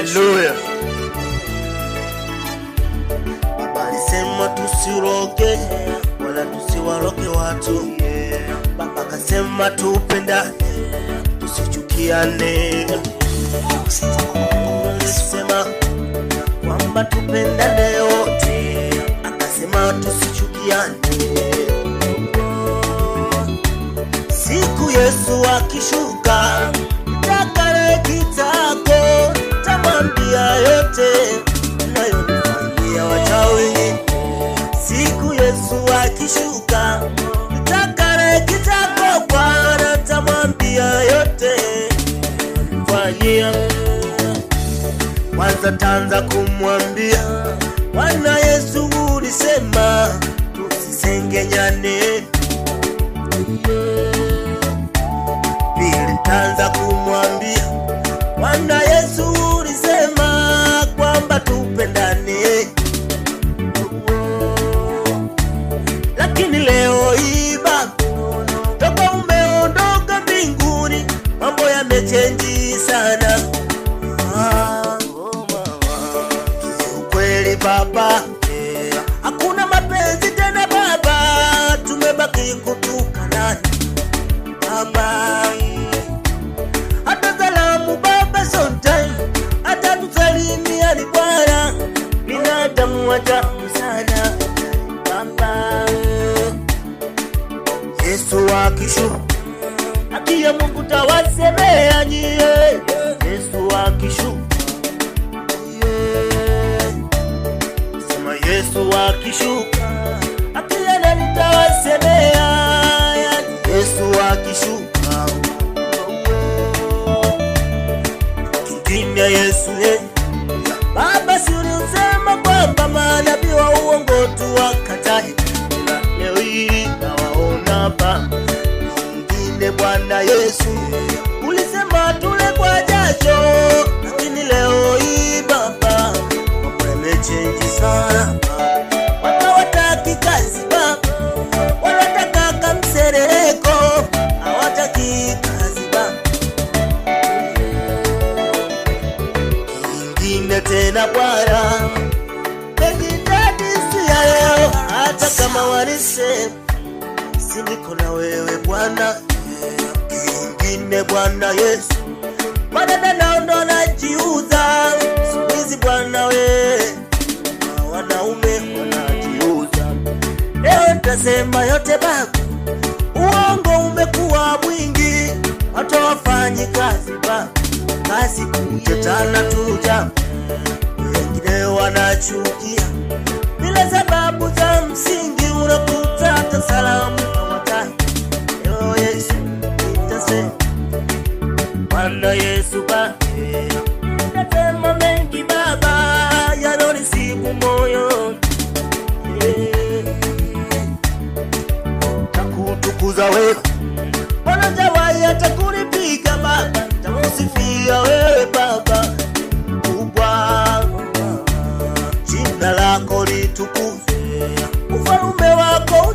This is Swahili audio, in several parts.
Haleluya. Baba alisema tusiroge wala tusiwaroge watu. Baba kasema tupendane, tusichukiane. Alisema kwamba tupendane wote, akasema tusichukiane. Siku Yesu akishuka mnayonifanyia wachawi. Siku Yesu akishuka, mtakare kitako Bwana tamwambia yote fanyia. Kwanza tanza kumwambia Bwana Yesu, ulisema tusisengenyane tanza kumwambia Bwana baba eh, hakuna mapenzi tena baba, tumebaki kutukana baba, hata baba sometime hata baba, Yesu akishuka, haki Mungu tawasema kwamba manabii wa uongo tu wakatai ila leo hii nawaona Baba mwingine. Bwana Yesu, ulisema tule kwa jasho, lakini leo hii Baba mambo yamechenji sana. tena Bwana hata kama walise si niko na wewe Bwana, kingine Bwana Yesu, madada naondo najiuza siku hizi Bwana we, wanaume wanajiuza leo, ntasema yote Baba, uongo umekuwa mwingi, hata wafanyi kazi Baba, kazi kutetana tuja, wengine wanachukia Wala Yesu ba natema mengi baba, yanoni siku moyo takutukuza wewe Bwana, jawai atakulipika baba, takusifia wewe baba, kubwa jina lako litukuzwe, ufalme wako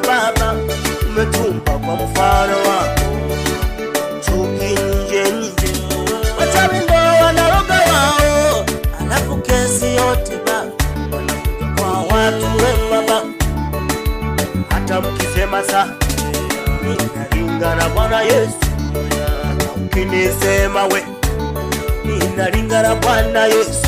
kama baba, umetumba kwa mfano wako, chuki nje wachawi ndo wanaroga wao, alafu kesi yote ba kwa watu wema hata mkisema saa ninalinga na Bwana Yesu, ukinisema we ninalinga na Bwana Yesu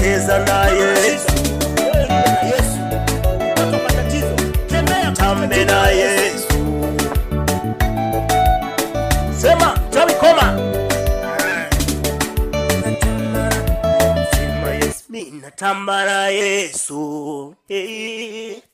cheza na Yesu, tambe na Yesu, sema tawi koma, mimi natamba na Yesu.